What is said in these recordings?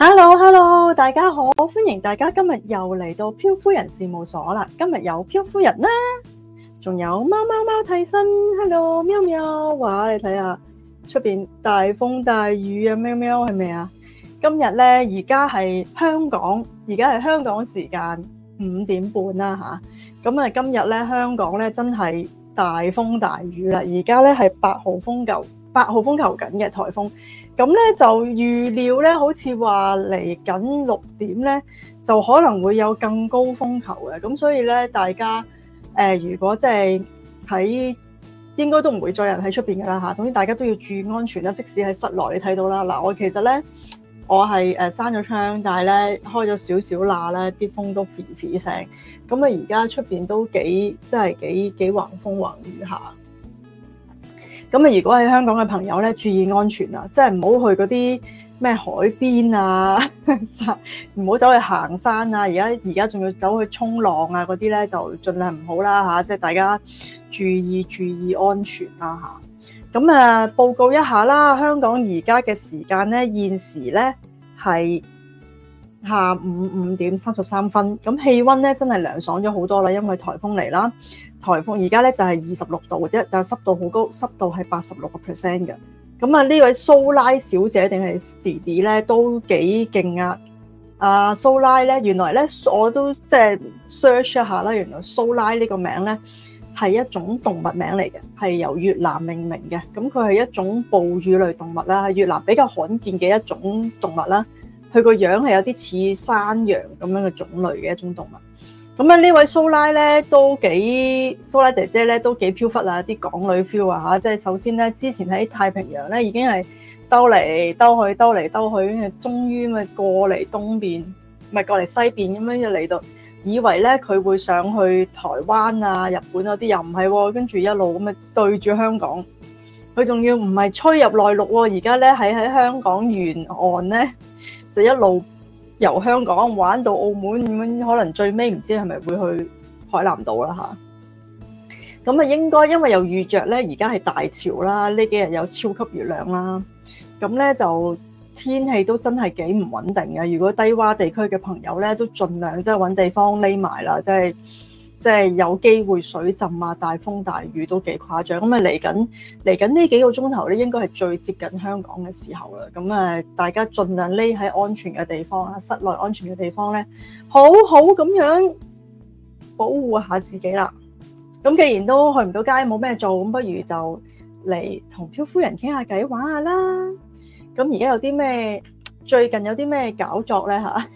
Hello，Hello，hello, 大家好，歡迎大家今日又嚟到漂夫人事務所啦。今日有漂夫人啦，仲有貓貓貓替身，Hello，喵喵，哇，你睇下出邊大風大雨啊，喵喵，係咪啊？今日咧，而家係香港，而家係香港時間五點半啦，吓，咁啊，今日咧香港咧真係大風大雨啦，而家咧係八號風球，八號風球緊嘅颱風。咁咧就預料咧，好似話嚟緊六點咧，就可能會有更高風球嘅。咁所以咧，大家誒、呃，如果即係喺應該都唔會再有人喺出邊嘅啦嚇。總之大家都要注意安全啦。即使喺室內，你睇到啦，嗱，我其實咧，我係誒閂咗窗，但係咧開咗少少罅咧，啲風都咇咇聲。咁啊，而家出邊都幾即係幾幾橫風橫雨下。咁啊！如果喺香港嘅朋友咧，注意安全啊！即係唔好去嗰啲咩海邊啊，唔好走去行山啊！而家而家仲要走去衝浪啊嗰啲咧，就盡量唔好啦吓、啊，即係大家注意注意安全啦吓，咁啊，啊，報告一下啦，香港而家嘅時間咧，現時咧係下午五點三十三分。咁氣温咧真係涼爽咗好多啦，因為颱風嚟啦。颱風而家咧就係二十六度，或者但係濕度好高，濕度係八十六個 percent 嘅。咁啊，呢位蘇拉小姐定係弟弟咧都幾勁啊！啊，蘇拉咧，原來咧我都即係 search 一下啦。原來蘇拉呢個名咧係一種動物名嚟嘅，係由越南命名嘅。咁佢係一種哺乳類動物啦，越南比較罕見嘅一種動物啦。佢個樣係有啲似山羊咁樣嘅種類嘅一種動物。咁啊，呢位蘇拉咧都幾蘇拉姐姐咧都幾飄忽啊！啲港女 feel 啊嚇，即係首先咧之前喺太平洋咧已經係兜嚟兜去兜嚟兜去，咁啊終於咪過嚟東邊，咪係過嚟西邊咁樣就嚟到，以為咧佢會上去台灣啊、日本嗰、啊、啲，又唔係喎，跟住一路咁啊對住香港，佢仲要唔係吹入內陸喎、哦，而家咧喺喺香港沿岸咧就一路。由香港玩到澳門咁可能最尾唔知係咪會去海南島啦嚇。咁啊，應該因為又遇着咧，而家係大潮啦，呢幾日有超級月亮啦，咁咧就天氣都真係幾唔穩定嘅。如果低窪地區嘅朋友咧，都盡量即係揾地方匿埋啦，即係。即係有機會水浸啊，大風大雨都幾誇張。咁啊，嚟緊嚟緊呢幾個鐘頭咧，應該係最接近香港嘅時候啦。咁啊，大家盡量匿喺安全嘅地方啊，室內安全嘅地方咧，好好咁樣保護下自己啦。咁既然都去唔到街，冇咩做，咁不如就嚟同漂夫人傾下偈，玩下啦。咁而家有啲咩最近有啲咩搞作咧吓？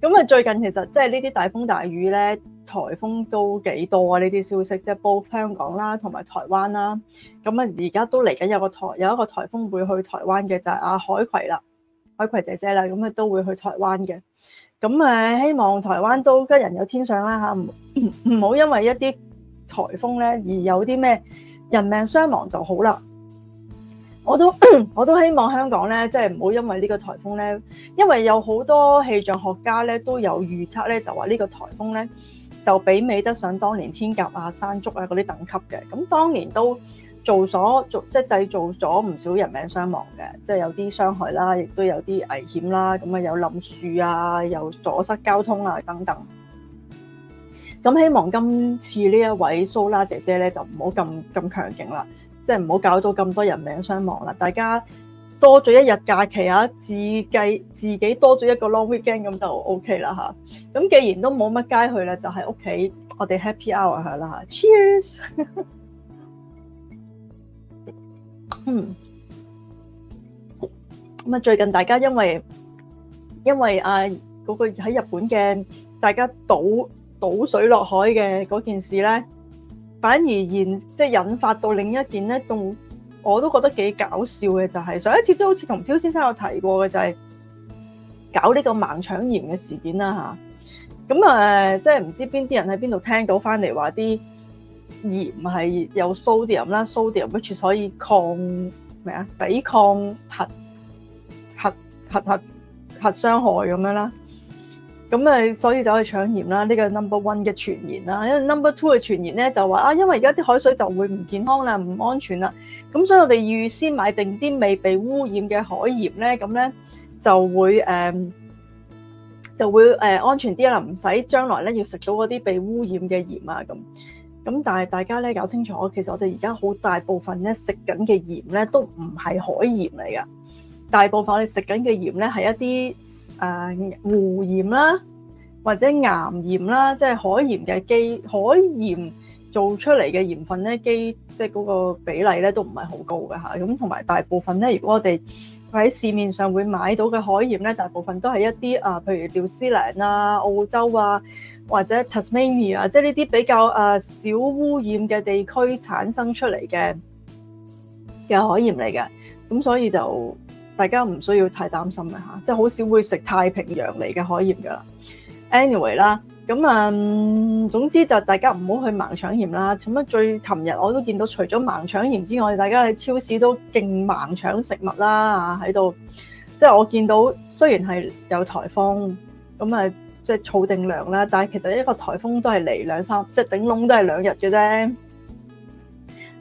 咁啊，最近其實即係呢啲大風大雨咧。颱風都幾多啊？呢啲消息即係報香港啦，同埋台灣啦。咁啊，而家都嚟緊有個台有一個颱風會去台灣嘅，就係阿海葵啦，海葵姐姐啦，咁啊都會去台灣嘅。咁啊，希望台灣都吉人有天相啦嚇，唔唔好因為一啲颱風咧而有啲咩人命傷亡就好啦。我都 我都希望香港咧，即係唔好因為呢個颱風咧，因為有好多氣象學家咧都有預測咧，就話呢個颱風咧。就媲美得上當年天鴿啊、山竹啊嗰啲等級嘅，咁當年都做咗做即係製造咗唔少人命傷亡嘅，即係有啲傷害啦，亦都有啲危險啦，咁啊有冧樹啊，又阻塞交通啊等等。咁希望今次呢一位蘇拉姐姐咧就唔好咁咁強勁啦，即係唔好搞到咁多人命傷亡啦，大家。多咗一日假期啊！自計自己多咗一個 long weekend 咁就 OK 啦吓。咁既然都冇乜街去啦，就喺屋企我哋 Happy Hour 下啦嚇，Cheers！咁 啊、嗯，最近大家因為因為啊嗰、嗰個喺日本嘅大家倒倒水落海嘅嗰件事咧，反而現即係引發到另一件咧仲。我都覺得幾搞笑嘅，就係、是、上一次都好似同漂先生有提過嘅，就係、是、搞呢個盲搶鹽嘅事件啦。吓，咁、呃、啊，即係唔知邊啲人喺邊度聽到翻嚟話啲鹽係有 sodium 啦，sodium which 可以抗咩啊？抵抗核核核核核傷害咁樣啦。咁啊，所以走去搶鹽啦。呢、這個 number one 嘅傳言啦，因為 number two 嘅傳言咧就話啊，因為而家啲海水就會唔健康啦，唔安全啦。咁所以我哋預先買定啲未被污染嘅海鹽咧，咁咧就會誒、呃、就會誒、呃、安全啲啦，唔使將來咧要食到嗰啲被污染嘅鹽啊咁。咁但係大家咧搞清楚，其實我哋而家好大部分咧食緊嘅鹽咧都唔係海鹽嚟㗎，大部分我哋食緊嘅鹽咧係一啲誒湖鹽啦，或者岩鹽啦，即係海鹽嘅基海鹽，做出嚟嘅鹽分咧，基即係嗰個比例咧都唔係好高嘅嚇。咁同埋大部分咧，如果我哋喺市面上會買到嘅海鹽咧，大部分都係一啲啊，譬如紐西蘭啊、澳洲啊或者 Tasmania 啊，即係呢啲比較啊少污染嘅地區產生出嚟嘅嘅海鹽嚟嘅。咁所以就大家唔需要太擔心啦嚇，即係好少會食太平洋嚟嘅海鹽噶啦。Anyway 啦。咁啊、嗯，總之就大家唔好去盲搶鹽啦。咁啊，最琴日我都見到，除咗盲搶鹽之外，大家喺超市都勁盲搶食物啦，喺度。即係我見到，雖然係有颱風，咁啊，即係儲定糧啦。但係其實一個颱風都係嚟兩三，即係頂籠都係兩日嘅啫。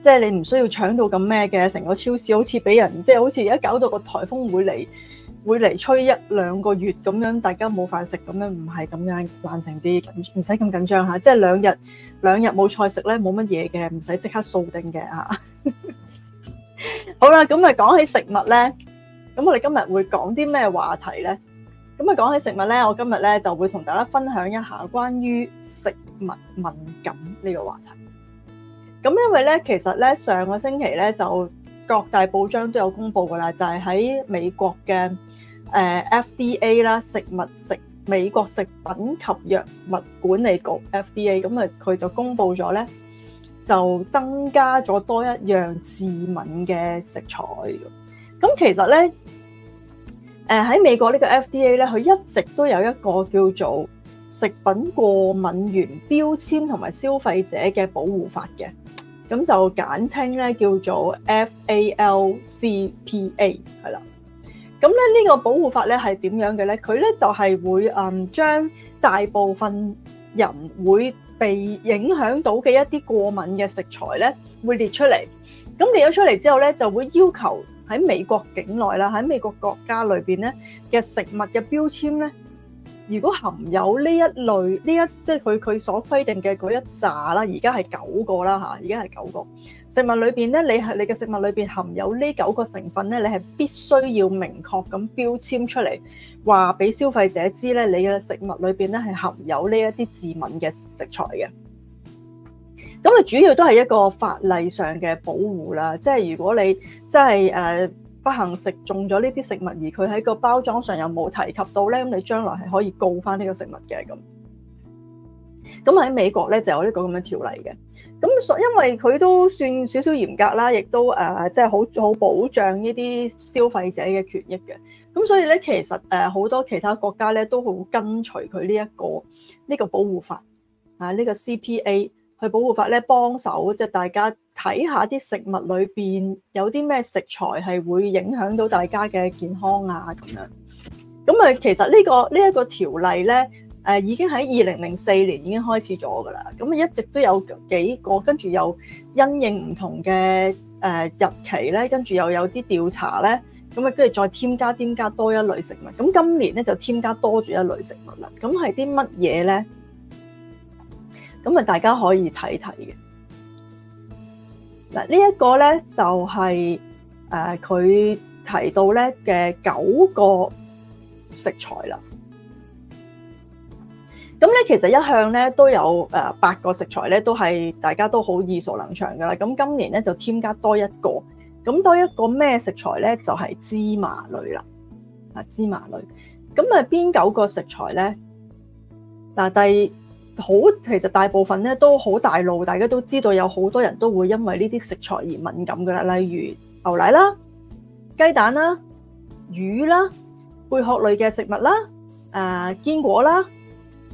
即係你唔需要搶到咁咩嘅，成個超市好似俾人，即係好似而家搞到個颱風會嚟。會嚟吹一兩個月咁樣，大家冇飯食咁樣，唔係咁樣，冷靜啲，唔使咁緊張吓。即係兩日兩日冇菜食咧，冇乜嘢嘅，唔使即刻掃定嘅吓。好啦，咁啊講起食物咧，咁我哋今日會講啲咩話題咧？咁啊講起食物咧，我今日咧就會同大家分享一下關於食物敏感呢個話題。咁因為咧，其實咧上個星期咧就各大報章都有公布噶啦，就係喺美國嘅。誒 FDA 啦，食物食美國食品及藥物管理局 FDA，咁啊佢就公布咗咧，就增加咗多一樣致敏嘅食材。咁其實咧，誒喺美國呢個 FDA 咧，佢一直都有一個叫做食品過敏原標籤同埋消費者嘅保護法嘅，咁就簡稱咧叫做 FALCPA 係啦。咁咧呢個保護法咧係點樣嘅咧？佢咧就係會誒將大部分人會被影響到嘅一啲過敏嘅食材咧，會列出嚟。咁列咗出嚟之後咧，就會要求喺美國境內啦，喺美國國家裏面咧嘅食物嘅標籤咧。如果含有呢一類呢一，即係佢佢所規定嘅嗰一紮啦，而家係九個啦吓，而家係九個食物裏邊咧，你係你嘅食物裏邊含有呢九個成分咧，你係必須要明確咁標籤出嚟，話俾消費者知咧，你嘅食物裏邊咧係含有呢一啲致敏嘅食材嘅。咁啊，主要都係一個法例上嘅保護啦，即係如果你即係誒。不幸食中咗呢啲食物，而佢喺個包裝上又冇提及到咧，咁你將來係可以告翻呢個食物嘅咁。咁喺美國咧就有呢個咁嘅條例嘅。咁所因為佢都算少少嚴格啦，亦都誒即係好好保障呢啲消費者嘅權益嘅。咁所以咧，其實誒好多其他國家咧都好跟隨佢呢一個呢個保護法啊，呢個 CPA。去保護法咧，幫手即係大家睇下啲食物裏邊有啲咩食材係會影響到大家嘅健康啊咁樣。咁啊，其實呢個呢一個條例咧，誒已經喺二零零四年已經開始咗噶啦。咁啊一直都有幾個，跟住又因應唔同嘅誒日期咧，跟住又有啲調查咧，咁啊跟住再添加添加多一類食物。咁今年咧就添加多咗一類食物啦。咁係啲乜嘢咧？咁啊，大家可以睇睇嘅。嗱，呢一個咧就係誒佢提到咧嘅九個食材啦。咁咧其實一向咧都有誒八個食材咧，都係大家都好耳熟能詳噶啦。咁今年咧就添加多一個，咁多一個咩食材咧？就係芝麻類啦，啊芝麻類。咁啊，邊九個食材咧？嗱，第好，其實大部分咧都好大路，大家都知道有好多人都會因為呢啲食材而敏感㗎啦，例如牛奶啦、雞蛋啦、魚啦、貝殼類嘅食物啦、誒、呃、堅果啦、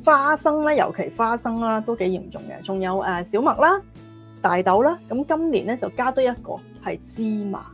花生啦，尤其花生啦都幾嚴重嘅，仲有誒、呃、小麥啦、大豆啦，咁今年咧就加多一個係芝麻。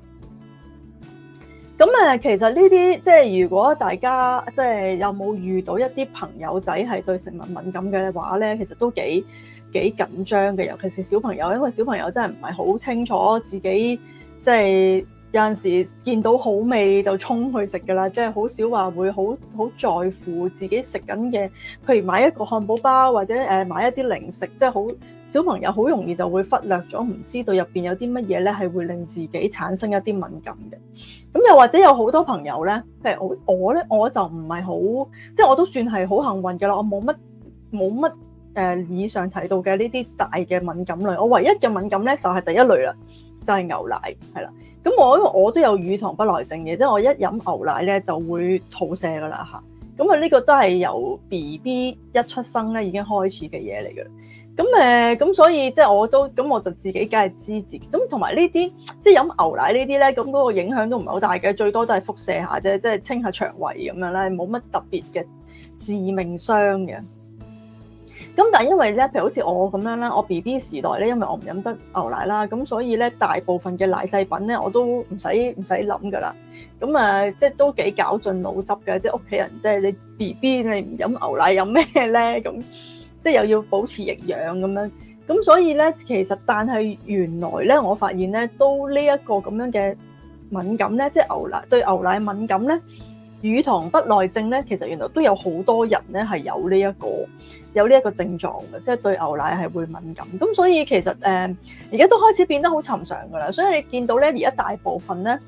咁誒，其實呢啲即係如果大家即係有冇遇到一啲朋友仔係對食物敏感嘅話咧，其實都幾幾緊張嘅。尤其是小朋友，因為小朋友真係唔係好清楚自己，即係有陣時見到好味就衝去食噶啦，即係好少話會好好在乎自己食緊嘅。譬如買一個漢堡包或者誒買一啲零食，即係好。小朋友好容易就會忽略咗，唔知道入邊有啲乜嘢咧，係會令自己產生一啲敏感嘅。咁又或者有好多朋友咧，譬如我我咧我就唔係好，即係我都算係好幸運嘅啦。我冇乜冇乜誒以上提到嘅呢啲大嘅敏感類，我唯一嘅敏感咧就係第一類啦，就係牛奶係啦。咁我我都有乳糖不耐症嘅，即係我一飲牛奶咧就會肚瀉噶啦嚇。咁啊呢個都係由 BB 一出生咧已經開始嘅嘢嚟嘅。咁誒，咁所以即係我都咁，我就自己梗係知自己咁，同埋呢啲即係飲牛奶呢啲咧，咁嗰個影響都唔係好大嘅，最多都係輻射下啫，即係清下腸胃咁樣咧，冇乜特別嘅致命傷嘅。咁但係因為咧，譬如好似我咁樣啦，我 B B 時代咧，因為我唔飲得牛奶啦，咁所以咧，大部分嘅奶製品咧，我都唔使唔使諗㗎喇。咁啊，即係都幾絞盡腦汁嘅，即係屋企人即係你 B B 你唔飲牛奶飲咩咧咁。喝什麼呢？即係又要保持營養咁樣，咁所以咧，其實但係原來咧，我發現咧，都呢一個咁樣嘅敏感咧，即係牛奶對牛奶敏感咧，乳糖不耐症咧，其實原來都有好多人咧係有呢、這、一個有呢一個症狀嘅，即係對牛奶係會敏感。咁所以其實誒，而、呃、家都開始變得好尋常噶啦。所以你見到咧，而家大部分咧，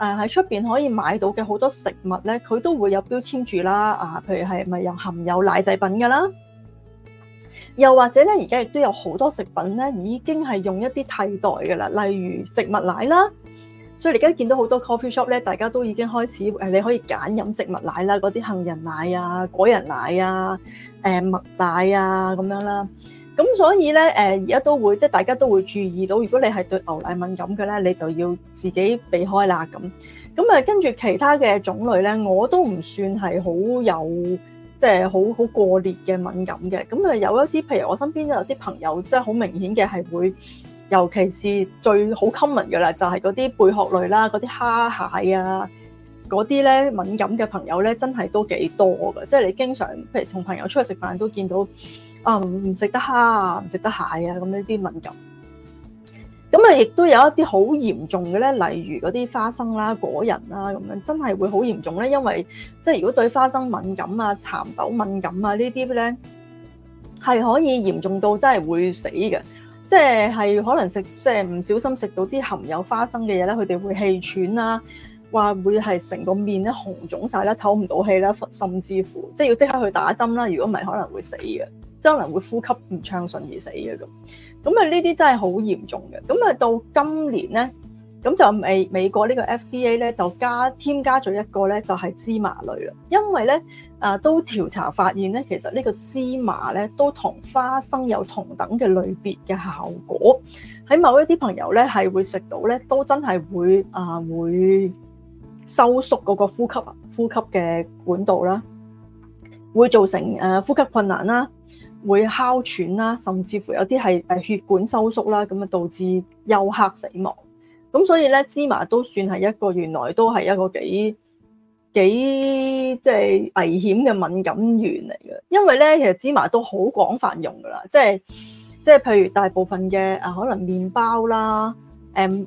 誒喺出邊可以買到嘅好多食物咧，佢都會有標籤住啦，啊，譬如係咪有含有奶製品噶啦？又或者咧，而家亦都有好多食品咧，已經係用一啲替代嘅啦。例如植物奶啦，所以而家見到好多 coffee shop 咧，大家都已經開始誒，你可以揀飲植物奶啦，嗰啲杏仁奶啊、果仁奶啊、誒麥奶啊咁樣啦。咁所以咧，誒而家都會即係大家都會注意到，如果你係對牛奶敏感嘅咧，你就要自己避開啦咁。咁啊，跟住其他嘅種類咧，我都唔算係好有。即係好好過裂嘅敏感嘅，咁誒有一啲，譬如我身邊有啲朋友，即係好明顯嘅係會，尤其是最好 common 嘅啦，就係嗰啲貝殼類啦，嗰啲蝦蟹啊，嗰啲咧敏感嘅朋友咧，真係都幾多㗎，即係你經常譬如同朋友出去食飯都見到，啊唔食得蝦啊，唔食得蟹啊，咁呢啲敏感。咁啊，亦都有一啲好嚴重嘅咧，例如嗰啲花生啦、果仁啦，咁樣真係會好嚴重咧。因為即係如果對花生敏感啊、蠶豆敏感啊呢啲咧，係可以嚴重到真係會死嘅。即係係可能食即係唔小心食到啲含有花生嘅嘢咧，佢哋會氣喘啦，話會係成個面咧紅腫晒啦，唞唔到氣啦，甚至乎即係要即刻去打針啦。如果唔係可能會死嘅，即係可能會呼吸唔暢順而死嘅咁。咁啊，呢啲真係好嚴重嘅。咁啊，到今年咧，咁就美美國呢個 FDA 咧就加添加咗一個咧，就係芝麻類啦。因為咧啊，都調查發現咧，其實呢個芝麻咧都同花生有同等嘅類別嘅效果。喺某一啲朋友咧係會食到咧，都真係會啊會收縮嗰個呼吸呼吸嘅管道啦，會造成誒、啊、呼吸困難啦。會哮喘啦，甚至乎有啲係誒血管收縮啦，咁啊導致休克死亡。咁所以咧，芝麻都算係一個原來都係一個幾幾即係危險嘅敏感源嚟嘅。因為咧，其實芝麻都好廣泛用噶啦，即係即係譬如大部分嘅啊，可能麵包啦，誒、嗯，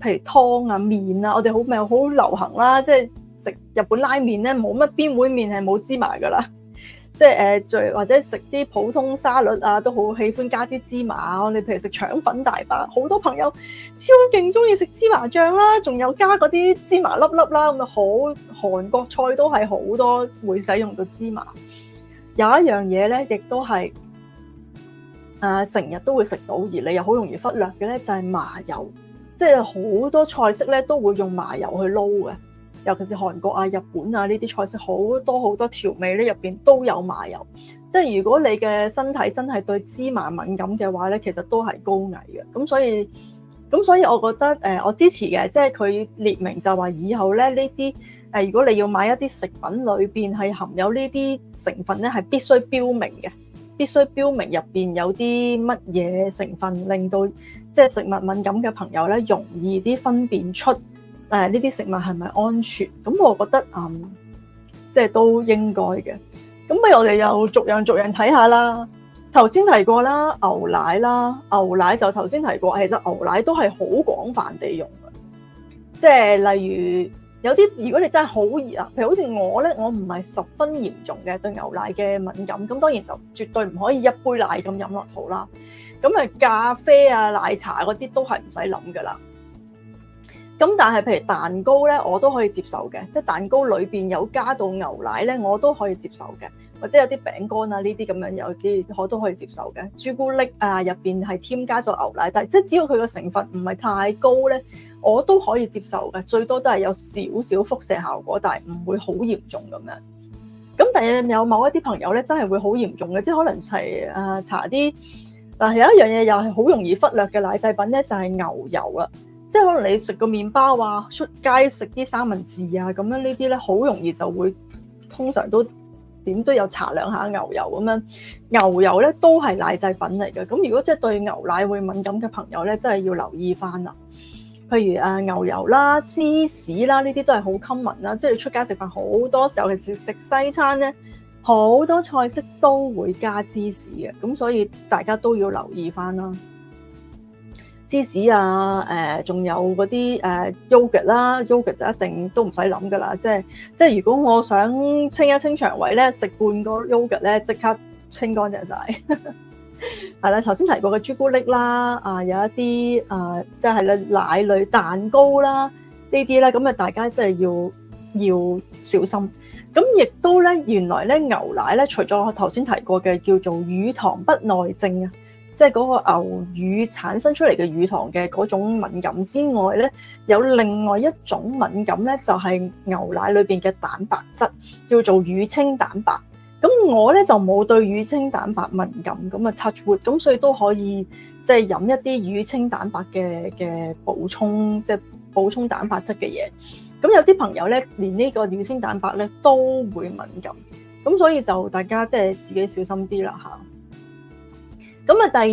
譬如湯啊、麵啊，我哋好咪好流行啦，即係食日本拉麵咧，冇乜邊碗麵係冇芝麻噶啦。即係最或者食啲普通沙律啊，都好喜歡加啲芝麻。你譬如食腸粉大把，好多朋友超勁中意食芝麻醬啦，仲有加嗰啲芝麻粒粒啦。咁啊，好韓國菜都係好多會使用到芝麻。有一樣嘢咧，亦都係誒成日都會食到，而你又好容易忽略嘅咧，就係麻油。即係好多菜式咧都會用麻油去撈嘅。尤其是韓國啊、日本啊呢啲菜式好多好多調味咧，入邊都有麻油。即係如果你嘅身體真係對芝麻敏感嘅話咧，其實都係高危嘅。咁所以，咁所以我覺得誒、呃，我支持嘅，即係佢列明就話以後咧呢啲誒、呃，如果你要買一啲食品裏邊係含有呢啲成分咧，係必須標明嘅，必須標明入邊有啲乜嘢成分，令到即係食物敏感嘅朋友咧，容易啲分辨出。誒呢啲食物係咪安全？咁我覺得嗯，即係都應該嘅。咁不如我哋又逐樣逐樣睇下啦。頭先提過啦，牛奶啦，牛奶就頭先提過，其實牛奶都係好廣泛地用嘅。即係例如有啲如果你真係好熱啊，譬如好似我咧，我唔係十分嚴重嘅對牛奶嘅敏感，咁當然就絕對唔可以一杯奶咁飲落肚啦。咁啊，咖啡啊、奶茶嗰啲都係唔使諗㗎喇。咁但係，譬如蛋糕咧，我都可以接受嘅。即係蛋糕裏邊有加到牛奶咧，我都可以接受嘅。或者有啲餅乾啊，呢啲咁樣有啲我都可以接受嘅。朱古力啊，入邊係添加咗牛奶，但係即係只要佢個成分唔係太高咧，我都可以接受嘅。最多都係有少少輻射效果，但係唔會好嚴重咁樣。咁但係有某一啲朋友咧，真係會好嚴重嘅，即係可能係啊查啲嗱有一樣嘢，又係好容易忽略嘅奶製品咧，就係牛油啊。即係可能你食個麵包啊，出街食啲三文治啊，咁樣這些呢啲咧好容易就會，通常都點都有搽兩下牛油咁樣，牛油咧都係奶製品嚟嘅。咁如果即係對牛奶會敏感嘅朋友咧，真係要留意翻啦。譬如啊牛油啦、芝士啦，呢啲都係好 common 啦。即係出街食飯好多時候，尤其是食西餐咧，好多菜式都會加芝士嘅。咁所以大家都要留意翻啦。芝士啊，誒、呃，仲有嗰啲誒 yogurt 啦，yogurt 就一定都唔使諗噶啦，即係即係如果我想清一清腸胃咧，食半個 yogurt 咧，即刻清乾淨晒。係 啦、啊，頭先提過嘅朱古力啦，啊，有一啲啊，即係咧奶類蛋糕啦，呢啲咧，咁啊大家真係要要小心。咁亦都咧，原來咧牛奶咧，除咗我頭先提過嘅叫做乳糖不耐症啊，即係嗰個牛乳產生出嚟嘅乳糖嘅嗰種敏感之外咧，有另外一種敏感咧，就係牛奶裏邊嘅蛋白質，叫做乳清蛋白。咁我咧就冇對乳清蛋白敏感，咁啊 touch wood，咁所以都可以即係飲一啲乳清蛋白嘅嘅補充，即係補充蛋白質嘅嘢。咁有啲朋友咧，連呢個乳清蛋白咧都會敏感，咁所以就大家即係自己小心啲啦嚇。咁啊，第二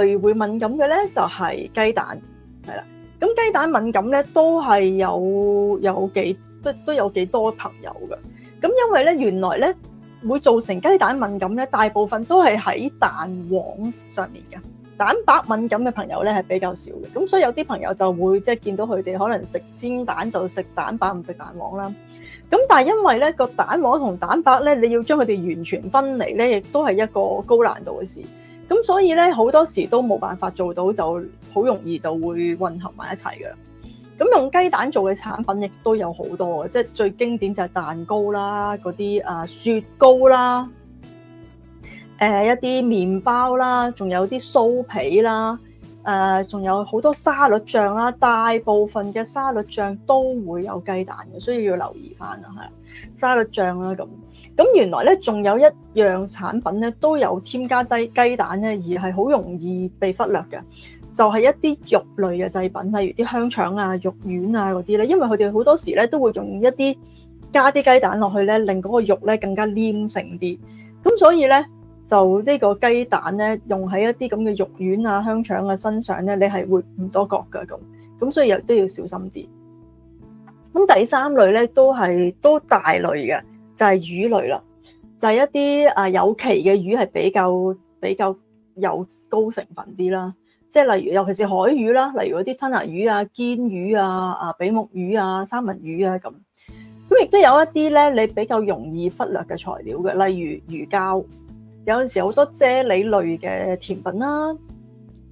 類會敏感嘅咧，就係雞蛋，係啦。咁雞蛋敏感咧，都係有有幾都都有幾多朋友嘅。咁因為咧，原來咧會造成雞蛋敏感咧，大部分都係喺蛋黃上面㗎。蛋白敏感嘅朋友咧，係比較少嘅。咁所以有啲朋友就會即係見到佢哋可能食煎蛋就食蛋白唔食蛋黃啦。咁但係因為咧個蛋黃同蛋白咧，你要將佢哋完全分離咧，亦都係一個高難度嘅事。咁所以咧，好多時都冇辦法做到，就好容易就會混合埋一齊㗎。咁用雞蛋做嘅產品亦都有好多，即係最經典就係蛋糕啦，嗰啲啊雪糕啦，誒、呃、一啲麵包啦，仲有啲酥皮啦，誒、呃、仲有好多沙律醬啦，大部分嘅沙律醬都會有雞蛋嘅，所以要留意返啦，係。沙律醬啦咁，咁原來咧仲有一樣產品咧都有添加低雞蛋咧，而係好容易被忽略嘅，就係、是、一啲肉類嘅製品，例如啲香腸啊、肉丸啊嗰啲咧，因為佢哋好多時咧都會用一啲加啲雞蛋落去咧，令嗰個肉咧更加黏性啲。咁所以咧就呢個雞蛋咧用喺一啲咁嘅肉丸啊、香腸嘅、啊、身上咧，你係會唔多覺噶咁，咁所以亦都要小心啲。咁第三類咧都係都大類嘅，就係、是、魚類啦，就係、是、一啲啊有鰭嘅魚係比較比較有高成分啲啦，即、就、係、是、例如尤其是海魚啦，例如嗰啲吞拿魚啊、鰹魚啊、啊比目魚啊、三文魚啊咁，咁亦都有一啲咧你比較容易忽略嘅材料嘅，例如魚膠，有陣時好多啫喱類嘅甜品啦。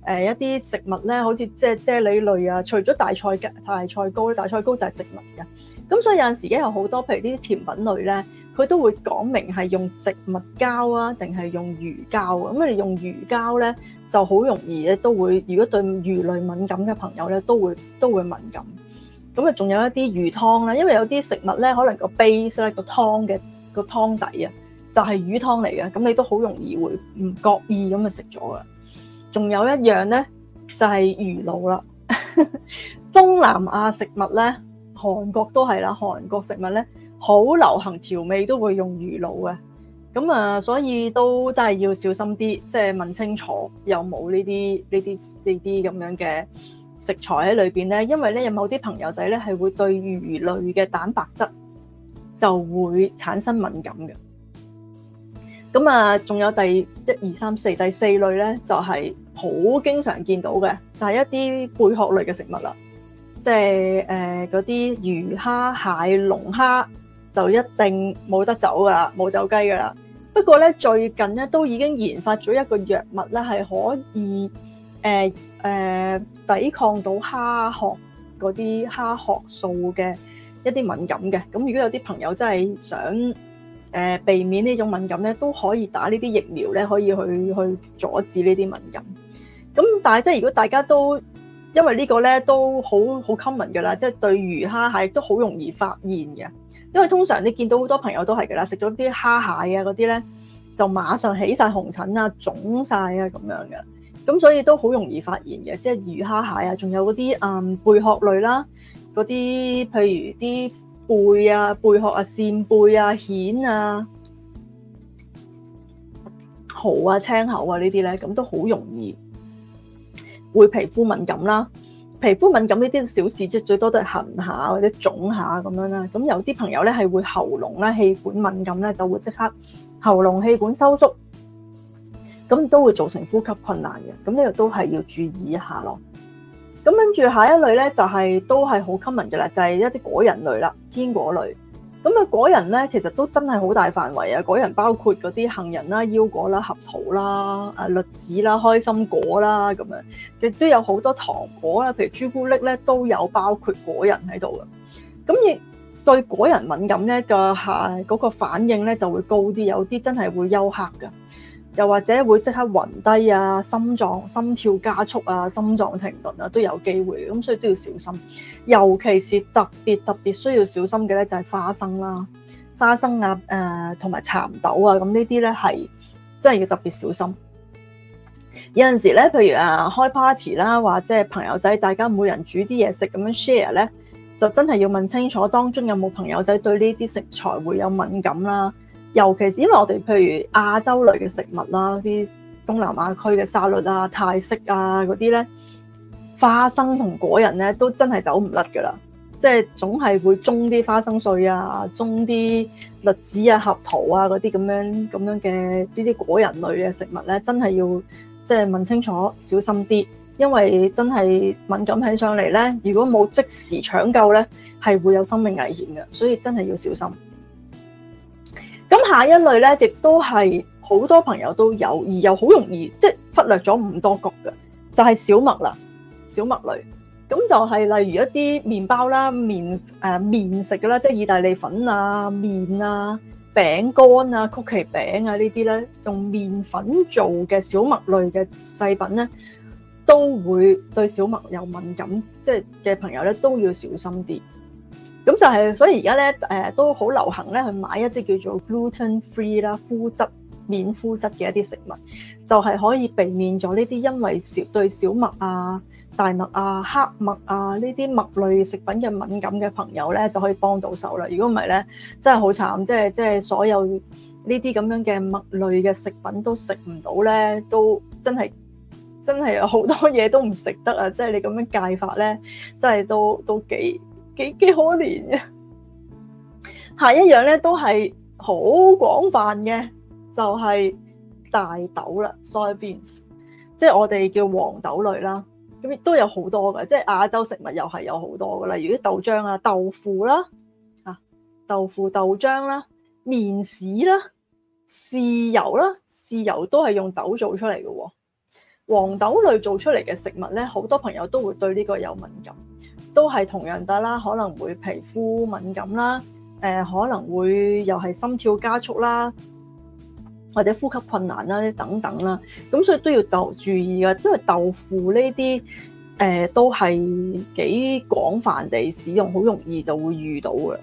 誒、呃、一啲食物咧，好似即係啫喱類啊，除咗大菜羹、大菜糕咧，大菜糕就係植物嘅。咁所以有陣時咧，有好多譬如啲甜品類咧，佢都會講明係用植物膠啊，定係用魚膠。咁你用魚膠咧，就好容易咧都會，如果對魚類敏感嘅朋友咧，都會都會敏感。咁啊，仲有一啲魚湯啦，因為有啲食物咧，可能個 base 咧個湯嘅、個湯底啊，就係魚湯嚟嘅。咁你都好容易會唔覺意咁啊食咗噶。仲有一樣呢，就係魚露啦。東南亞食物呢，韓國都係啦。韓國食物呢，好流行調味，都會用魚露嘅。咁啊，所以都真係要小心啲，即係問清楚有冇呢啲呢啲呢啲咁樣嘅食材喺裏邊呢。因為呢，有某啲朋友仔呢係會對魚類嘅蛋白質就會產生敏感嘅。咁啊，仲有第一二三四第四類咧，就係、是、好經常見到嘅，就係、是、一啲貝殼類嘅食物啦。即係誒嗰啲魚、蝦、蟹、龍蝦，就一定冇得走噶啦，冇走雞噶啦。不過咧，最近咧都已經研發咗一個藥物咧，係可以誒誒、呃呃、抵抗到蝦殼嗰啲蝦殼素嘅一啲敏感嘅。咁如果有啲朋友真係想，誒避免呢種敏感咧，都可以打呢啲疫苗咧，可以去去阻止呢啲敏感。咁但係即係如果大家都因為這個呢個咧都好好 common 㗎啦，即係對魚蝦蟹都好容易發現嘅。因為通常你見到好多朋友都係㗎啦，食咗啲蝦蟹啊嗰啲咧，就馬上起晒紅疹啊、腫晒啊咁樣嘅。咁所以都好容易發現嘅，即係魚蝦蟹啊，仲有嗰啲嗯貝殼類啦、啊，嗰啲譬如啲，背啊、貝殼啊、扇貝啊、蜆啊、蠔啊、青口啊呢啲咧，咁都好容易會皮膚敏感啦。皮膚敏感呢啲小事，即係最多都係痕下或者腫下咁樣啦。咁有啲朋友咧係會喉嚨啦，氣管敏感咧，就會即刻喉嚨氣管收縮，咁都會造成呼吸困難嘅。咁呢個都係要注意一下咯。咁跟住下一類咧，就係都係好 common 嘅啦，就係一啲果仁類啦、堅果類。咁啊果仁咧其實都真係好大範圍啊，果仁包括嗰啲杏仁啦、腰果啦、核桃啦、啊栗子啦、開心果啦咁樣，亦都有好多糖果啦，譬如朱古力咧都有包括果仁喺度嘅。咁亦對果仁敏感咧嘅下嗰個反應咧就會高啲，有啲真係會休克㗎。又或者會即刻暈低啊，心臟心跳加速啊，心臟停頓啊，都有機會嘅，咁所以都要小心。尤其是特別特別需要小心嘅咧，就係花生啦、花生啊、誒同埋蠶豆啊，咁呢啲咧係真係要特別小心。有陣時咧，譬如啊，開 party 啦，或者係朋友仔，大家每人煮啲嘢食咁樣 share 咧，就真係要問清楚當中有冇朋友仔對呢啲食材會有敏感啦、啊。尤其是因為我哋譬如亞洲類嘅食物啦，啲東南亞區嘅沙律啊、泰式啊嗰啲咧，花生同果仁咧都真係走唔甩噶啦，即係總係會種啲花生碎一些啊、種啲栗子啊、核桃啊嗰啲咁樣咁樣嘅呢啲果仁類嘅食物咧，真係要即係問清楚，小心啲，因為真係敏感起上嚟咧，如果冇即時搶救咧，係會有生命危險嘅，所以真係要小心。咁下一類咧，亦都係好多朋友都有，而又好容易即係、就是、忽略咗唔多覺嘅，就係、是、小麥啦，小麥類。咁就係例如一啲麵包啦、麵誒麵食嘅啦，即係意大利粉啊、麵啊、餅乾啊、曲奇餅啊呢啲咧，用麵粉做嘅小麥類嘅製品咧，都會對小麥有敏感，即係嘅朋友咧都要小心啲。咁就係，所以而家咧，誒都好流行咧去買一啲叫做 gluten free 啦、麩質免麩質嘅一啲食物，就係可以避免咗呢啲因為小對小麥啊、大麥啊、黑麥啊呢啲麥類食品嘅敏感嘅朋友咧，就可以幫到手啦。如果唔係咧，真係好慘，即係即係所有呢啲咁樣嘅麥類嘅食品都食唔到咧，都真係真係好多嘢都唔食得啊！即係你咁樣戒法咧，真係都都幾～幾幾可憐嘅，下一樣咧都係好廣泛嘅，就係、是、大豆啦，soybeans，即係我哋叫黃豆類啦，咁亦都有好多嘅，即係亞洲食物又係有好多噶啦，例如啲豆漿啊、豆腐啦、啊、豆腐、豆漿啦、麵豉啦、豉油啦、豉油都係用豆做出嚟嘅，黃豆類做出嚟嘅食物咧，好多朋友都會對呢個有敏感。都係同樣得啦，可能會皮膚敏感啦，誒、呃、可能會又係心跳加速啦，或者呼吸困難啦，等等啦。咁所以都要豆注意啊，因為豆腐呢啲誒都係幾廣泛地使用，好容易就會遇到嘅。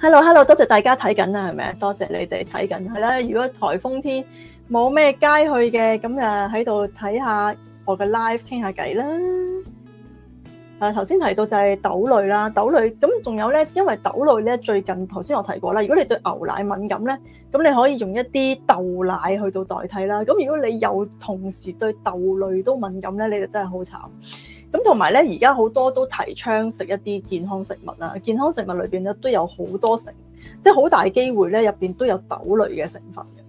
Hello，Hello，hello，多謝大家睇緊啦，係咪啊？多謝你哋睇緊係啦。如果颱風天冇咩街去嘅，咁啊喺度睇下我嘅 live 傾下偈啦。誒頭先提到就係豆類啦，豆類，咁仲有咧，因為豆類咧最近頭先我提過啦，如果你對牛奶敏感咧，咁你可以用一啲豆奶去到代替啦。咁如果你有同時對豆類都敏感咧，你就真係好慘。咁同埋咧，而家好多都提倡食一啲健康食物啦，健康食物裏邊咧都有好多成，即係好大機會咧入邊都有豆類嘅成分的。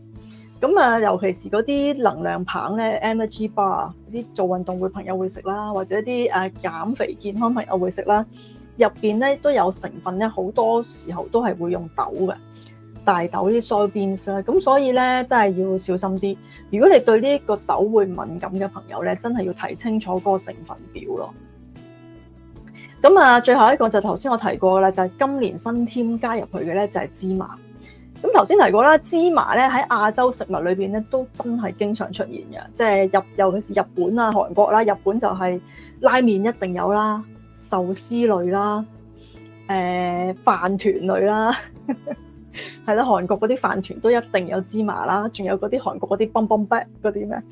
咁啊，尤其是嗰啲能量棒咧，energy bar，啲做運動嘅朋友會食啦，或者啲誒減肥健康朋友會食啦，入邊咧都有成分咧，好多時候都係會用豆嘅，大豆啲 soybeans 啦，咁所以咧真係要小心啲。如果你對呢個豆會敏感嘅朋友咧，真係要睇清楚嗰個成分表咯。咁啊，最後一個就頭先我提過啦，就係、是、今年新添加入去嘅咧，就係芝麻。咁頭先提過啦，芝麻咧喺亞洲食物裏邊咧都真係經常出現嘅，即係日，尤其是日本啦、韓國啦。日本就係拉麵一定有啦，壽司類啦，誒飯團類啦，係啦，韓國嗰啲飯團都一定有芝麻啦，仲有嗰啲韓國嗰啲棒棒筆嗰啲咩？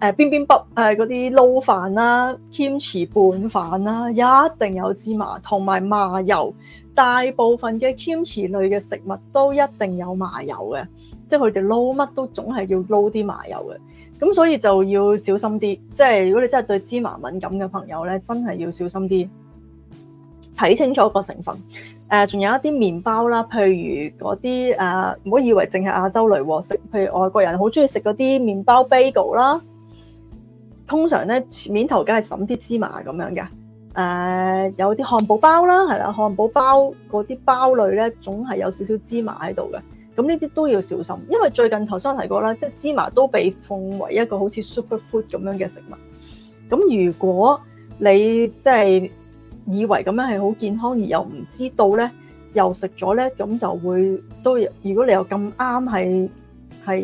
誒邊邊筆誒嗰啲撈飯啦、kimchi 拌飯啦，一定有芝麻，同埋麻油。大部分嘅堅果類嘅食物都一定有麻油嘅，即係佢哋撈乜都總係要撈啲麻油嘅，咁所以就要小心啲。即係如果你真係對芝麻敏感嘅朋友咧，真係要小心啲，睇清楚個成分。誒、呃，仲有一啲麵包啦，譬如嗰啲誒，唔、呃、好以為淨係亞洲類食，譬如外國人好中意食嗰啲麵包 bagel 啦，通常咧面頭梗係灑啲芝麻咁樣嘅。誒、uh, 有啲漢堡包啦，係啦，漢堡包嗰啲包類咧，總係有少少芝麻喺度嘅。咁呢啲都要小心，因為最近頭先我提過啦，即係芝麻都被奉為一個好似 super food 咁樣嘅食物。咁如果你即係、就是、以為咁樣係好健康，而又唔知道咧，又食咗咧，咁就會都如果你又咁啱係係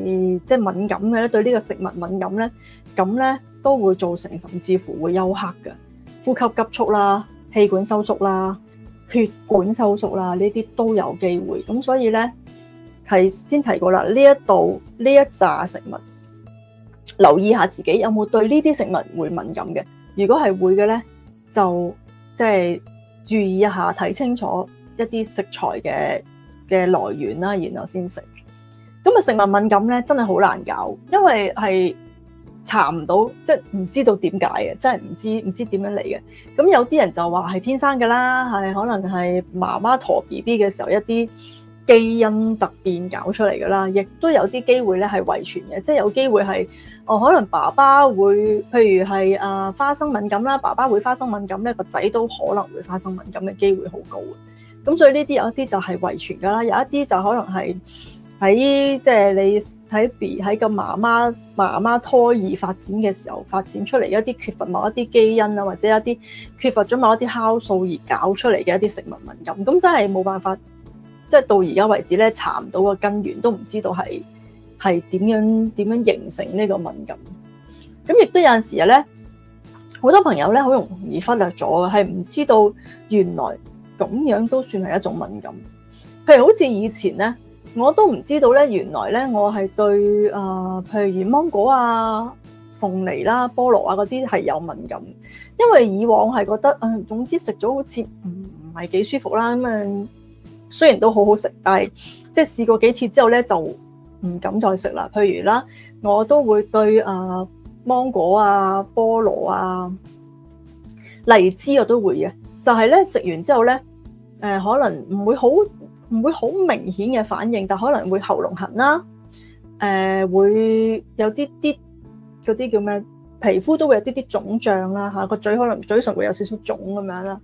即係敏感嘅咧，對呢個食物敏感咧，咁咧都會造成甚至乎會休克嘅。呼吸急促啦，氣管收縮啦，血管收縮啦，呢啲都有機會。咁所以咧，係先提過啦。呢一度呢一紮食物，留意一下自己有冇對呢啲食物會敏感嘅。如果係會嘅咧，就即係注意一下，睇清楚一啲食材嘅嘅來源啦，然後先食。咁啊，食物敏感咧真係好難搞，因為係。查唔到，即係唔知道點解嘅，真係唔知唔知點樣嚟嘅。咁有啲人就話係天生㗎啦，係可能係媽媽陀 B B 嘅時候一啲基因突變搞出嚟㗎啦，亦都有啲機會咧係遺傳嘅，即係有機會係哦，可能爸爸會，譬如係啊、呃、花生敏感啦，爸爸會花生敏感咧，個仔都可能會花生敏感嘅機會好高嘅。咁所以呢啲有一啲就係遺傳㗎啦，有一啲就可能係。喺即係你睇，B 喺個媽媽媽媽胎兒發展嘅時候發展出嚟一啲缺乏某一啲基因啊，或者一啲缺乏咗某一啲酵素而搞出嚟嘅一啲食物敏感，咁真係冇辦法，即係到而家為止咧查唔到個根源，都唔知道係係點樣點樣形成呢個敏感。咁亦都有陣時咧，好多朋友咧好容易忽略咗，係唔知道原來咁樣都算係一種敏感，譬如好似以前咧。我都唔知道咧，原來咧我係對啊、呃，譬如芒果啊、鳳梨啦、啊、菠蘿啊嗰啲係有敏感，因為以往係覺得，嗯、呃，總之食咗好似唔唔係幾舒服啦。咁、嗯、啊，雖然都好好食，但係即係試過幾次之後咧，就唔敢再食啦。譬如啦，我都會對啊、呃、芒果啊、菠蘿啊、荔枝啊我都會嘅，就係咧食完之後咧，誒、呃、可能唔會好唔會好明顯嘅反應，但可能會喉嚨痕啦，誒、呃、會有啲啲嗰啲叫咩？皮膚都會有啲啲腫脹啦，嚇、啊、個嘴可能嘴唇會有少少腫咁樣啦，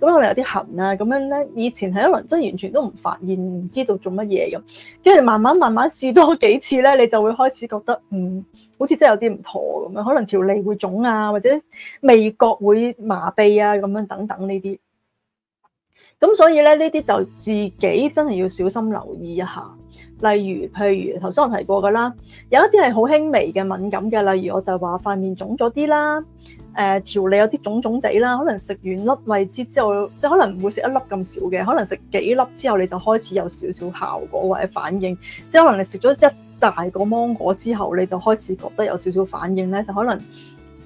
咁可能有啲痕啊，咁樣咧以前係可能真係完全都唔發現，唔知道做乜嘢咁，跟住慢慢慢慢試多幾次咧，你就會開始覺得嗯，好似真係有啲唔妥咁樣，可能條脷會腫啊，或者味覺會麻痺啊，咁樣等等呢啲。咁所以咧，呢啲就自己真係要小心留意一下。例如，譬如頭先我提過㗎啦，有一啲係好輕微嘅敏感嘅。例如，我就話塊面腫咗啲啦，誒、呃、調理有啲腫腫哋啦。可能食完粒荔枝之後，即係可能唔會食一粒咁少嘅，可能食幾粒之後你就開始有少少效果或者反應。即係可能你食咗一大個芒果之後，你就開始覺得有少少反應咧，就可能。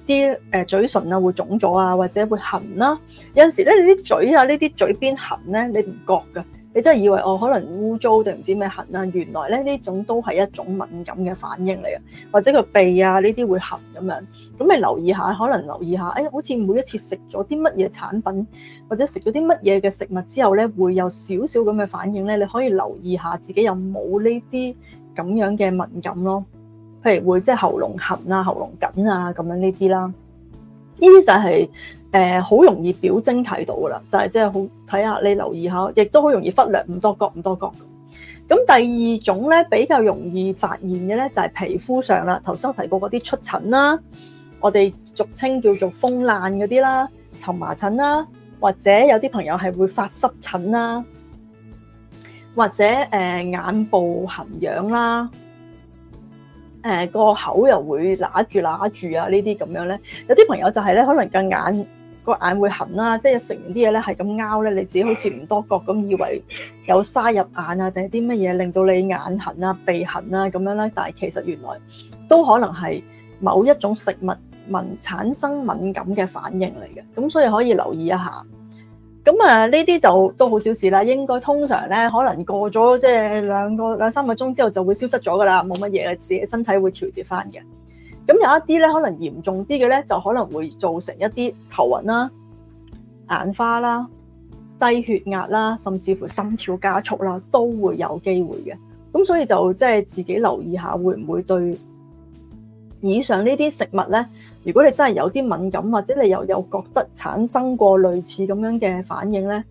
啲誒嘴唇啊會腫咗啊，或者會痕啦。有陣時咧，你啲嘴啊，呢啲嘴邊痕咧，你唔覺噶，你真係以為哦，可能污糟定唔知咩痕啊？原來咧，呢種都係一種敏感嘅反應嚟嘅，或者個鼻啊呢啲會痕咁樣。咁你留意下，可能留意下，哎，好似每一次食咗啲乜嘢產品，或者食咗啲乜嘢嘅食物之後咧，會有少少咁嘅反應咧。你可以留意下自己有冇呢啲咁樣嘅敏感咯。譬如會即係喉嚨痕啊、喉嚨緊啊咁樣呢啲啦，呢啲就係誒好容易表徵睇到噶啦，就係即係好睇下你留意下，亦都好容易忽略唔多覺唔多覺。咁第二種咧，比較容易發現嘅咧就係、是、皮膚上啦，頭先我提過嗰啲出疹啦，我哋俗稱叫做風癩嗰啲啦、蕁麻疹啦，或者有啲朋友係會發濕疹啦，或者誒、呃、眼部痕癢啦。誒個、呃、口又會揦住揦住啊，呢啲咁樣咧，有啲朋友就係咧，可能個眼個眼會痕啦、啊，即係食完啲嘢咧係咁拗咧，你自己好似唔多覺咁，以為有沙入眼啊，定係啲乜嘢令到你眼痕啊、鼻痕啊咁樣咧，但係其實原來都可能係某一種食物敏產生敏感嘅反應嚟嘅，咁所以可以留意一下。咁啊，呢啲就都好小事啦。應該通常咧，可能過咗即係兩個兩三個鐘之後就會消失咗㗎啦，冇乜嘢，嘅，自己身體會調節返嘅。咁有一啲咧，可能嚴重啲嘅咧，就可能會造成一啲頭暈啦、眼花啦、低血壓啦，甚至乎心跳加速啦，都會有機會嘅。咁所以就即係自己留意一下，會唔會對以上呢啲食物咧？如果你真係有啲敏感，或者你又有覺得產生過類似咁樣嘅反應咧，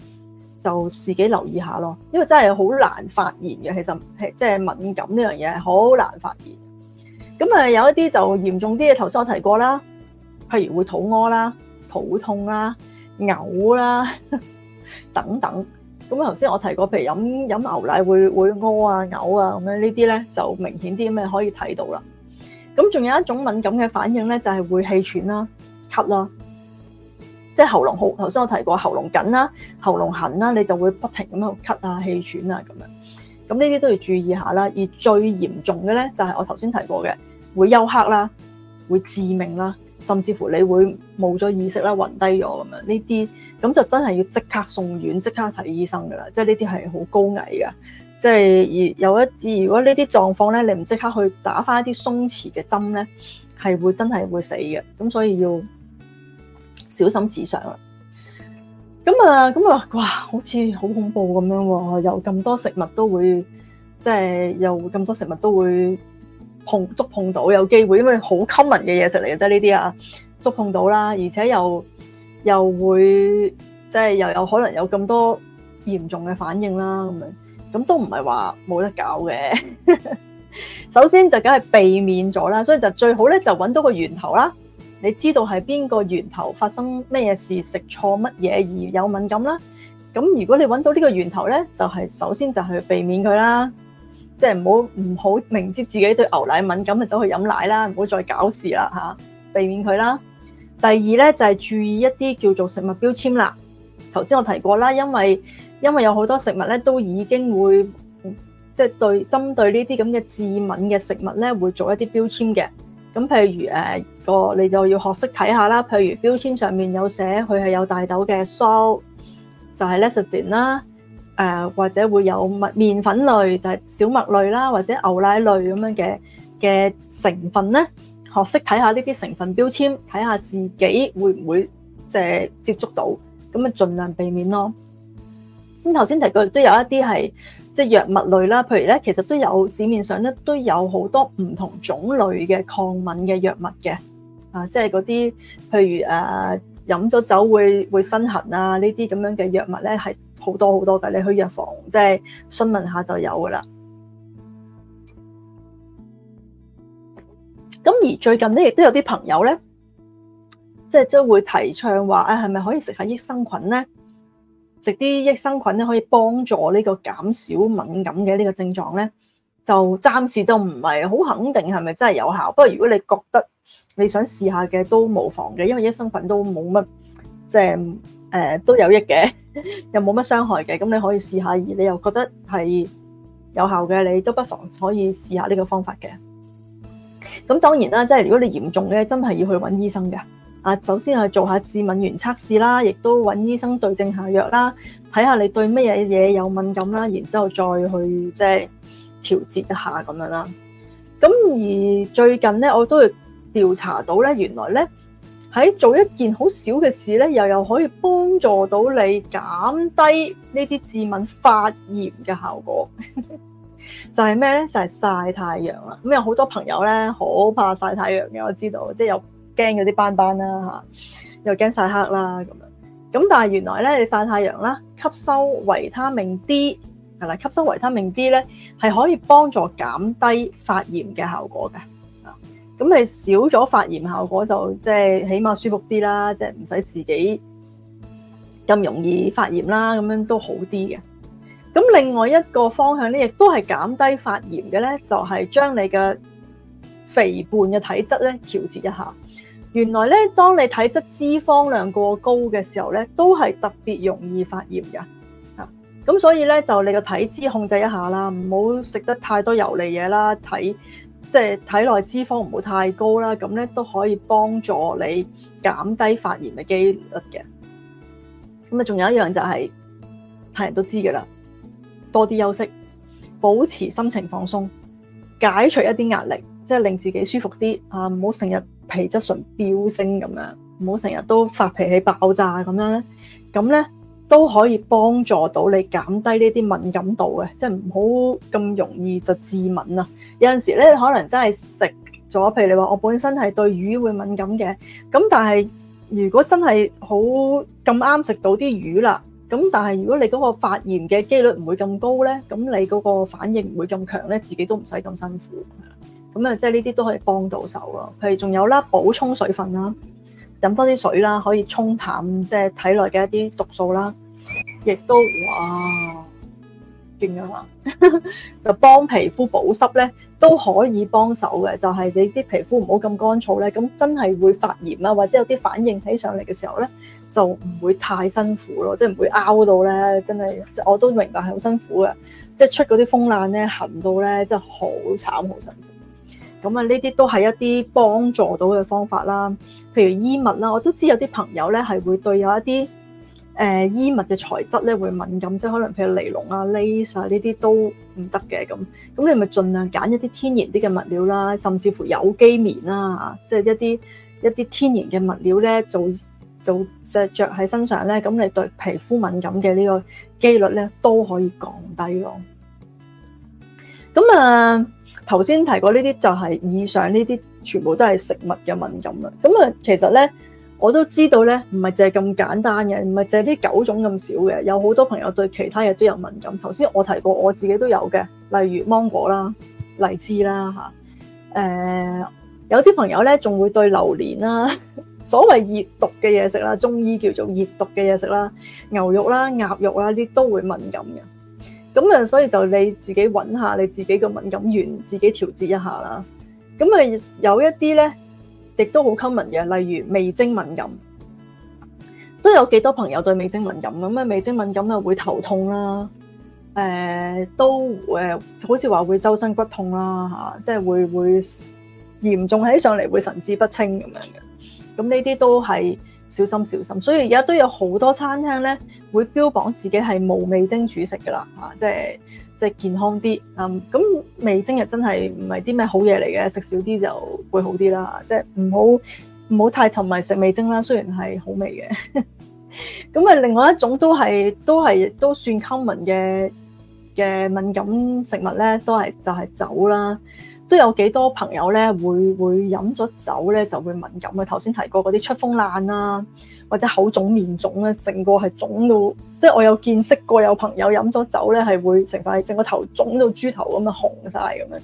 就自己留意下咯。因為真係好難發現嘅，其實係即係敏感呢樣嘢係好難發現。咁啊，有一啲就嚴重啲嘅，頭先我提過啦，譬如會肚屙啦、肚痛啦、嘔啦等等。咁頭先我提過，譬如飲飲牛奶會會屙啊、嘔啊咁樣，呢啲咧就明顯啲咁，咩可以睇到啦。咁仲有一種敏感嘅反應咧，就係會氣喘啦、咳啦，即係喉嚨好。頭先我提過喉嚨緊啦、喉嚨痕啦，你就會不停咁樣咳啊、氣喘啊咁樣。咁呢啲都要注意下啦。而最嚴重嘅咧，就係我頭先提過嘅，會休克啦，會致命啦，甚至乎你會冇咗意識啦、暈低咗咁樣。呢啲咁就真係要即刻送院、即刻睇醫生噶啦。即係呢啲係好高危噶。即係而有一，如果呢啲狀況咧，你唔即刻去打翻一啲鬆弛嘅針咧，係會真係會死嘅。咁所以要小心至上啦。咁啊，咁啊，哇，好似好恐怖咁樣喎！又咁多食物都會，即係又咁多食物都會碰觸碰到，有機會，因為好 common 嘅嘢食嚟嘅啫。呢啲啊觸碰到啦，而且又又會即係又有可能有咁多嚴重嘅反應啦，咁樣。咁都唔係話冇得搞嘅，首先就梗係避免咗啦，所以就最好咧就揾到個源頭啦。你知道係邊個源頭發生咩事，食錯乜嘢而有敏感啦。咁如果你揾到呢個源頭咧，就係、是、首先就去避免佢啦，即係唔好唔好明知自己對牛奶敏感咪走去飲奶啦，唔好再搞事啦吓，啊，避免佢啦。第二咧就係、是、注意一啲叫做食物標籤啦。頭先我提過啦，因為。因為有好多食物咧，都已經會即係對針對呢啲咁嘅致敏嘅食物咧，會做一啲標籤嘅。咁譬如誒個、呃、你就要學識睇下啦。譬如標籤上面有寫佢係有大豆嘅 sal 就係、是、lecithin 啦，誒、呃、或者會有麥麵粉類就係、是、小麥類啦，或者牛奶類咁樣嘅嘅成分咧，學識睇下呢啲成分標籤，睇下自己會唔會即係接觸到，咁啊盡量避免咯。咁頭先提過亦都有一啲係即係藥物類啦，譬如咧，其實都有市面上咧都有好多唔同種類嘅抗敏嘅藥物嘅，啊，即係嗰啲譬如誒飲咗酒會會生痕啊這些這呢啲咁樣嘅藥物咧係好多好多嘅，你去藥房即係詢問下就有㗎啦。咁而最近咧亦都有啲朋友咧，即係即係會提倡話誒係咪可以食下益生菌咧？食啲益生菌咧，可以幫助呢個減少敏感嘅呢個症狀咧，就暫時就唔係好肯定係咪真係有效。不過如果你覺得你想試下嘅都無妨嘅，因為益生菌都冇乜即係誒都有益嘅，又冇乜傷害嘅，咁你可以試下。而你又覺得係有效嘅，你都不妨可以試下呢個方法嘅。咁當然啦，即係如果你嚴重咧，真係要去揾醫生嘅。首先去做下致敏原測試啦，亦都揾醫生對症下藥啦，睇下你對乜嘢嘢有敏感啦，然之後再去即係調節一下咁樣啦。咁而最近咧，我都調查到咧，原來咧喺做一件好少嘅事咧，又又可以幫助到你減低呢啲致敏發炎嘅效果， 就係咩咧？就係晒太陽啦。咁有好多朋友咧，好怕晒太陽嘅，我知道，即係有。驚嗰啲斑斑啦，吓，又驚曬黑啦咁樣。咁但係原來咧，你曬太陽啦，吸收維他命 D 係啦，吸收維他命 D 咧係可以幫助減低發炎嘅效果嘅。啊，咁你少咗發炎效果就即係起碼舒服啲啦，即係唔使自己咁容易發炎啦，咁樣都好啲嘅。咁另外一個方向咧，亦都係減低發炎嘅咧，就係將你嘅肥胖嘅體質咧調節一下。原來咧，當你體質脂肪量過高嘅時候咧，都係特別容易發炎嘅。啊，咁所以咧，就你個體脂控制一下啦，唔好食得太多油膩嘢啦，體即係、就是、體內脂肪唔好太高啦，咁咧都可以幫助你減低發炎嘅幾率嘅。咁啊，仲有一樣就係、是，係人都知噶啦，多啲休息，保持心情放鬆，解除一啲壓力，即、就、係、是、令自己舒服啲。啊，唔好成日。皮質醇飆升咁樣，唔好成日都發脾氣爆炸咁樣呢，咁咧都可以幫助到你減低呢啲敏感度嘅，即係唔好咁容易就致敏啦。有陣時咧，可能真係食咗，譬如你話我本身係對魚會敏感嘅，咁但係如果真係好咁啱食到啲魚啦，咁但係如果你嗰個發炎嘅機率唔會咁高咧，咁你嗰個反應唔會咁強咧，自己都唔使咁辛苦。咁啊，即係呢啲都可以幫到手咯。譬如仲有啦，補充水分啦，飲多啲水啦，可以沖淡即係、就是、體內嘅一啲毒素啦，亦都哇勁啊嘛！就 幫皮膚保濕咧都可以幫手嘅，就係、是、你啲皮膚唔好咁乾燥咧，咁真係會發炎啦，或者有啲反應起上嚟嘅時候咧，就唔會太辛苦咯，即係唔會拗到咧。真係，即我都明白係好辛苦嘅，即、就、係、是、出嗰啲風癩咧，痕到咧真係好慘，好辛苦。咁啊，呢啲都係一啲幫助到嘅方法啦。譬如衣物啦，我都知有啲朋友咧係會對有一啲誒、呃、衣物嘅材質咧會敏感，即係可能譬如尼龍啊、lace 啊呢啲都唔得嘅咁。咁你咪盡量揀一啲天然啲嘅物料啦，甚至乎有機棉啦、啊，即、就、係、是、一啲一啲天然嘅物料咧，做做著著喺身上咧，咁你對皮膚敏感嘅呢個機率咧都可以降低咯。咁啊～、呃頭先提過呢啲就係以上呢啲全部都係食物嘅敏感啦。咁啊，其實咧我都知道咧，唔係淨係咁簡單嘅，唔係淨係呢九種咁少嘅，有好多朋友對其他嘢都有敏感。頭先我提過我自己都有嘅，例如芒果啦、荔枝啦嚇，誒、呃、有啲朋友咧仲會對榴蓮啦，所謂熱毒嘅嘢食啦，中醫叫做熱毒嘅嘢食啦，牛肉啦、鴨肉啦呢都會敏感嘅。咁啊，所以就你自己揾下你自己個敏感源，自己調節一下啦。咁啊，有一啲咧亦都好 common 嘅，例如味精敏感，都有幾多朋友對味精敏感咁啊，味精敏感啊會頭痛啦，誒、呃、都誒、呃、好似話會周身骨痛啦嚇，即、啊、係、就是、會會嚴重起上嚟會神志不清咁樣嘅。咁呢啲都係。小心小心，所以而家都有好多餐廳咧，會標榜自己係無味精煮食噶啦。嚇，即係即係健康啲。嗯，咁味精又真係唔係啲咩好嘢嚟嘅，食少啲就會好啲啦。即係唔好唔好太沉迷食味精啦，雖然係好味嘅。咁啊，另外一種都係都係都算 common 嘅嘅敏感食物咧，都係就係、是、酒啦。都有幾多朋友咧，會會飲咗酒咧就會敏感。我頭先提過嗰啲出風爛啊，或者口腫、面腫啊，成個係腫到，即係我有見識過有朋友飲咗酒咧，係會成塊係整個頭腫到豬頭咁啊，紅晒咁樣。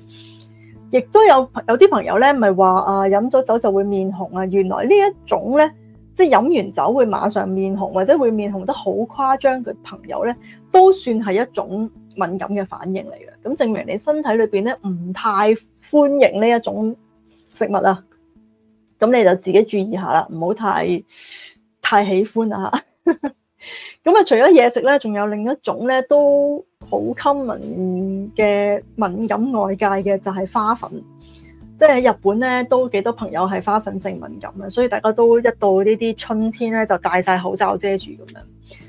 亦都有有啲朋友咧，唔係話啊飲咗酒就會面紅啊。原來呢一種咧，即係飲完酒會馬上面紅，或者會面紅得好誇張嘅朋友咧，都算係一種。敏感嘅反應嚟嘅，咁證明你身體裏邊咧唔太歡迎呢一種食物啊，咁你就自己注意一下啦，唔好太太喜歡啊嚇。咁 啊，除咗嘢食咧，仲有另一種咧都好 common 嘅敏感，外界嘅就係花粉，即係日本咧都幾多朋友係花粉症敏感啊，所以大家都一到呢啲春天咧就戴晒口罩遮住咁樣。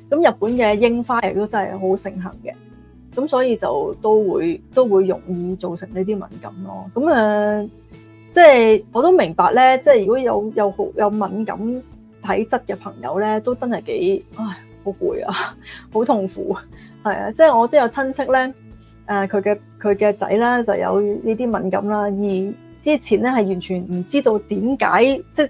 咁日本嘅櫻花亦都真係好盛行嘅。咁所以就都會都會容易造成呢啲敏感咯，咁誒、呃、即係我都明白咧，即係如果有有好有敏感體質嘅朋友咧，都真係幾唉好攰啊，好痛苦，係啊，的即係我都有親戚咧，誒佢嘅佢嘅仔啦就有呢啲敏感啦，而之前咧係完全唔知道點解即係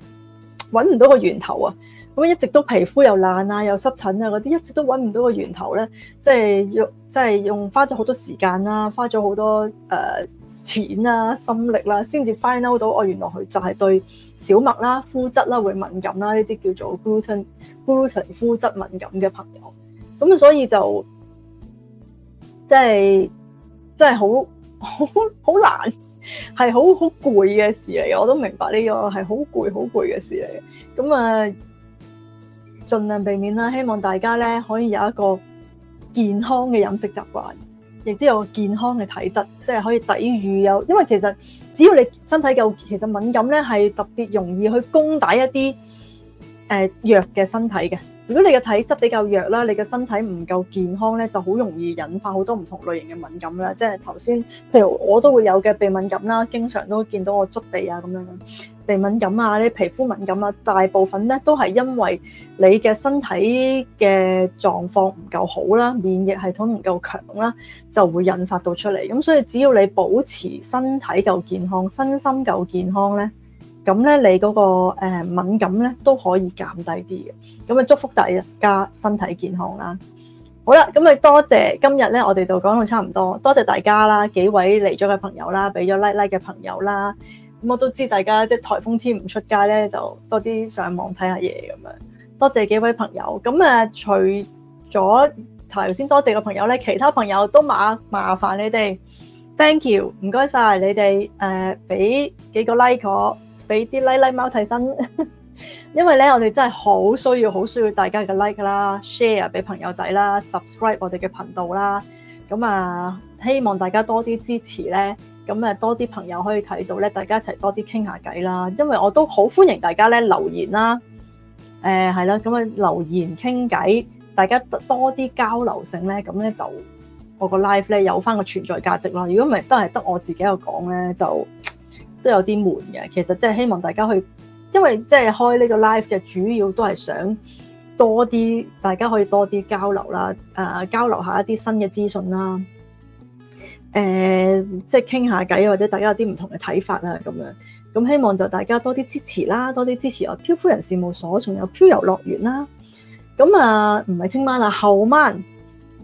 揾唔到個源頭啊！咁一直都皮膚又爛啊，又濕疹啊嗰啲，一直都揾唔到個源頭咧，即係要，即係用花咗好多時間啦，花咗好多誒、呃、錢啊、心力啦，先至 fin 到，我原來佢就係對小麥啦、膚質啦會敏感啦，呢啲叫做 gluten gluten 膚質敏感嘅朋友，咁啊，所以就即係即係好好好難，係好好攰嘅事嚟，我都明白呢、呢個係好攰、好攰嘅事嚟嘅，咁啊。儘量避免啦，希望大家咧可以有一個健康嘅飲食習慣，亦都有健康嘅體質，即係可以抵禦有。因為其實只要你身體夠，其實敏感咧係特別容易去攻打一啲誒、呃、弱嘅身體嘅。如果你嘅體質比較弱啦，你嘅身體唔夠健康咧，就好容易引發好多唔同類型嘅敏感啦。即係頭先，譬如我都會有嘅鼻敏感啦，經常都見到我捉鼻啊咁樣。鼻敏感啊，你皮膚敏感啊，大部分咧都係因為你嘅身體嘅狀況唔夠好啦，免疫系統唔夠強啦，就會引發到出嚟。咁所以只要你保持身體夠健康，身心夠健康咧，咁咧你嗰個敏感咧都可以減低啲嘅。咁啊，祝福大家身體健康啦！好啦，咁啊多謝今日咧，我哋就講到差唔多，多謝大家啦，幾位嚟咗嘅朋友啦，俾咗 like like 嘅朋友啦。嗯、我都知大家即係颱風天唔出街咧，就多啲上網睇下嘢，咁樣。多謝幾位朋友，咁除咗頭先多謝嘅朋友咧，其他朋友都麻麻煩你哋，thank you 唔該晒你哋誒，俾、呃、幾個 like 我，俾啲 like like 貓替身， 因為咧我哋真係好需要好需要大家嘅 like 啦，share 俾朋友仔啦，subscribe 我哋嘅頻道啦，咁啊希望大家多啲支持咧。咁誒多啲朋友可以睇到咧，大家一齊多啲傾下偈啦。因為我都好歡迎大家咧，留言啦，誒係啦，咁啊留言傾偈，大家多啲交流性咧，咁咧就我個 live 咧有翻個存在價值囉。如果唔係都係得我自己有講咧，就都有啲悶嘅。其實即係希望大家去，因為即係開呢個 live 嘅主要都係想多啲大家可以多啲交流啦，誒、呃、交流下一啲新嘅資訊啦。誒，即係傾下偈，或者大家有啲唔同嘅睇法啊，咁樣咁希望就大家多啲支持啦，多啲支持我漂夫人事務所，仲有漂遊樂園啦。咁啊，唔係聽晚啊，後晚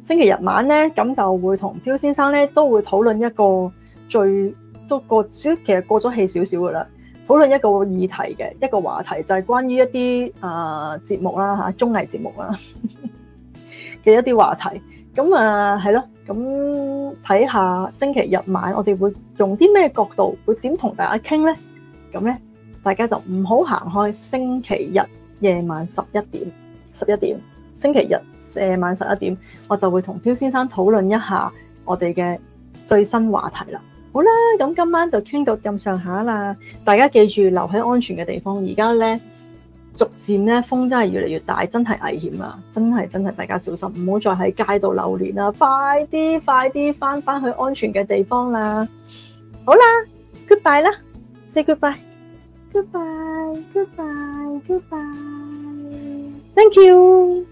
星期日晚咧，咁就會同漂先生咧都會討論一個最都個少，其實過咗氣少少噶啦，討論一個議題嘅一個話題，就係、是、關於一啲、呃、啊節目啦、啊、嚇，綜藝節目啦嘅一啲話題。咁啊，係咯。咁睇下星期日晚，我哋會用啲咩角度，會點同大家傾呢？咁咧，大家就唔好行開，星期日夜晚十一點，十一點星期日夜、呃、晚十一點，我就會同漂先生討論一下我哋嘅最新話題啦。好啦，咁今晚就傾到咁上下啦。大家記住留喺安全嘅地方。而家呢。逐漸咧風真係越嚟越大，真係危險啊！真係真係大家小心，唔好再喺街度流連啦！快啲快啲返返去安全嘅地方啦！好啦，goodbye 啦，say goodbye，goodbye，goodbye，goodbye，thank you。